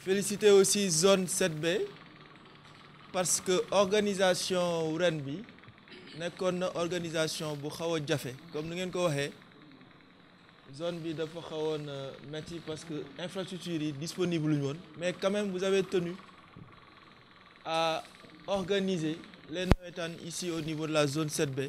Féliciter aussi zone 7B parce que l'organisation Renbi n'est qu'une organisation qui a comme nous ngeen ko zone bi dafa euh, parce que l'infrastructure est disponible mais quand même vous avez tenu à organiser les navétanes ici au niveau de la zone 7B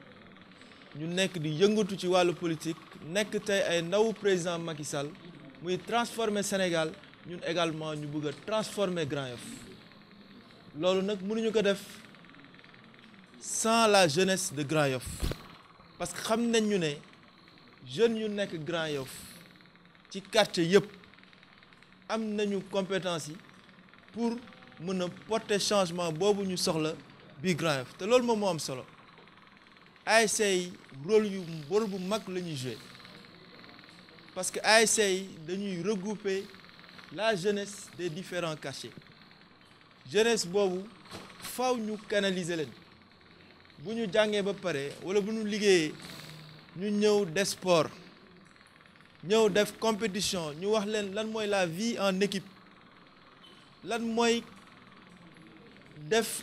Nous sommes di yëngatu ci la politique nous sommes ay nouveau président Macky Sall muy transformer Sénégal nous également nous bëgg transformer Grand Yoff loolu nag mënuñu ko def sans la jeunesse de Grand Yoff parce que nous nañ ñu les jeunes yu sont Grand Yoff ci quartier yëpp am nañu des pour porter le porter changement boobu ñu soxla bii Grand Yoff C'est ce que nous am solo ASC rôle rôle mag parce que ASC de regrouper la jeunesse des différents cachets jeunesse il faut nous canaliser Si nous sommes jàngee ba avons wala des sports, ñu des sports ñëw def compétition nous wax leen la vie en équipe Nous avons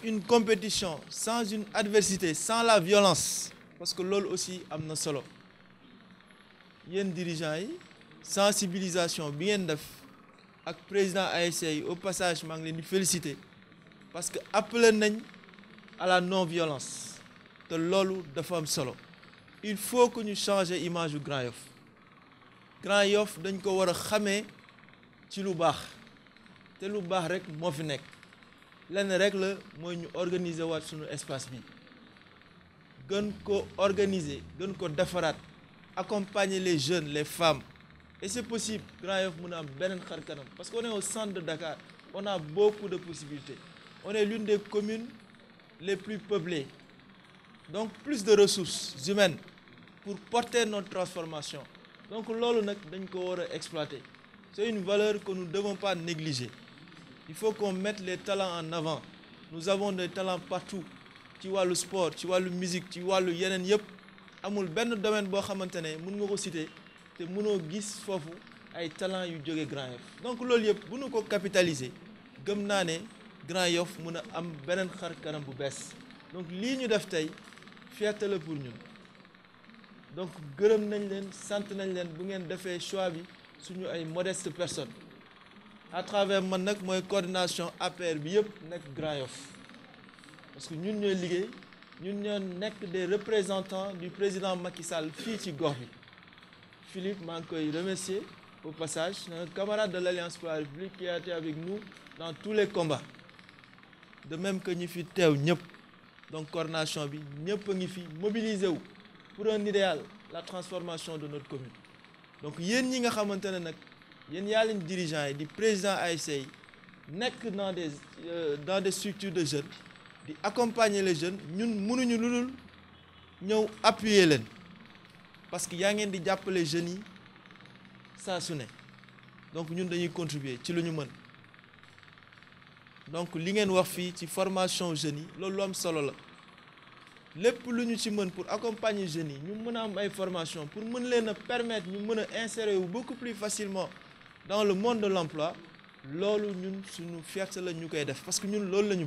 une compétition sans une adversité sans la violence parce que l'ol aussi amna solo un dirigeant yi sensibilisation bi ngeen def ak président ASC au passage maa ngi féliciter parce que appelé nañ à la non violence te loolu dafa am solo il faut que nous changer image du Grand Yoff Grand Yoff dañ ko wara xamé ci lu bax te lu bax rek mo fi nek lenn rek la moy ñu organiser waat suñu espace bi gën organiser gën ko accompagner les jeunes les femmes et c'est possible parce qu'on est au centre de Dakar on a beaucoup de possibilités on est l'une des communes les plus peuplées donc plus de ressources humaines pour porter notre transformation donc loolu on dañ ko exploiter c'est une valeur que nous ne devons pas négliger il faut qu'on mette les talents en avant nous avons des talents partout vois le sport tu vois la musique tu vois le yëpp amul benn domaine boo xamante mën te mënoo gis foofu ay talent yu Grand Yoff donc loolu yëpp bu ko capitaliser gëm Grand Yoff mën a am beneen xar kanam bu donc lii ñu def tey le la pour ñun donc gërëm nañ leen sant bu choix bi modeste personnes à travers man coordination APR bi Grand Yoff parce que nous, sommes sommes ñun des représentants du président Macky Sall Fiti ci Philippe Mankoy remercier au passage nos camarades camarade de l'Alliance pour la République qui a été avec nous dans tous les combats de même que nous sommes teew donc coordination bi ñëpp ngi pour un idéal la transformation de notre commune donc nous, ñi nga xamante dirigeants et président ASC Nous sommes dans des structures de jeunes di accompagner les jeunes nous mënuñu lu nous appuyer parce que les ngeen di les jeunes ça saa su donc nous devons contribuer ci que nous donc li ngeen wax fii ci formation jeunes C'est loolu que am solo la pour accompagner les jeunes ñu formation pour nous permettre d'insérer insérer beaucoup plus facilement dans le monde de l'emploi C'est ce suñu nous la ñu def parce que nous loolu nous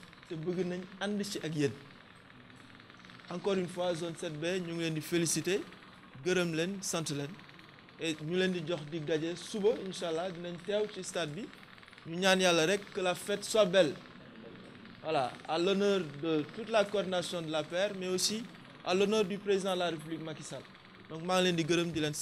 de bëgg nañ un ci ak yéen encore une fois zone 7B ñu ngi leen di féliciter gërëm leen sant leen et ñu leen di jox dig daje suba inshallah, allah dinañ teew ci stade bi ñu ñaan yàlla rek que la fête soit belle voilà à l'honneur de toute la coordination de l'APR mais aussi à l'honneur du président de la République Macky Sall donc maa ngi leen di gërëm di leen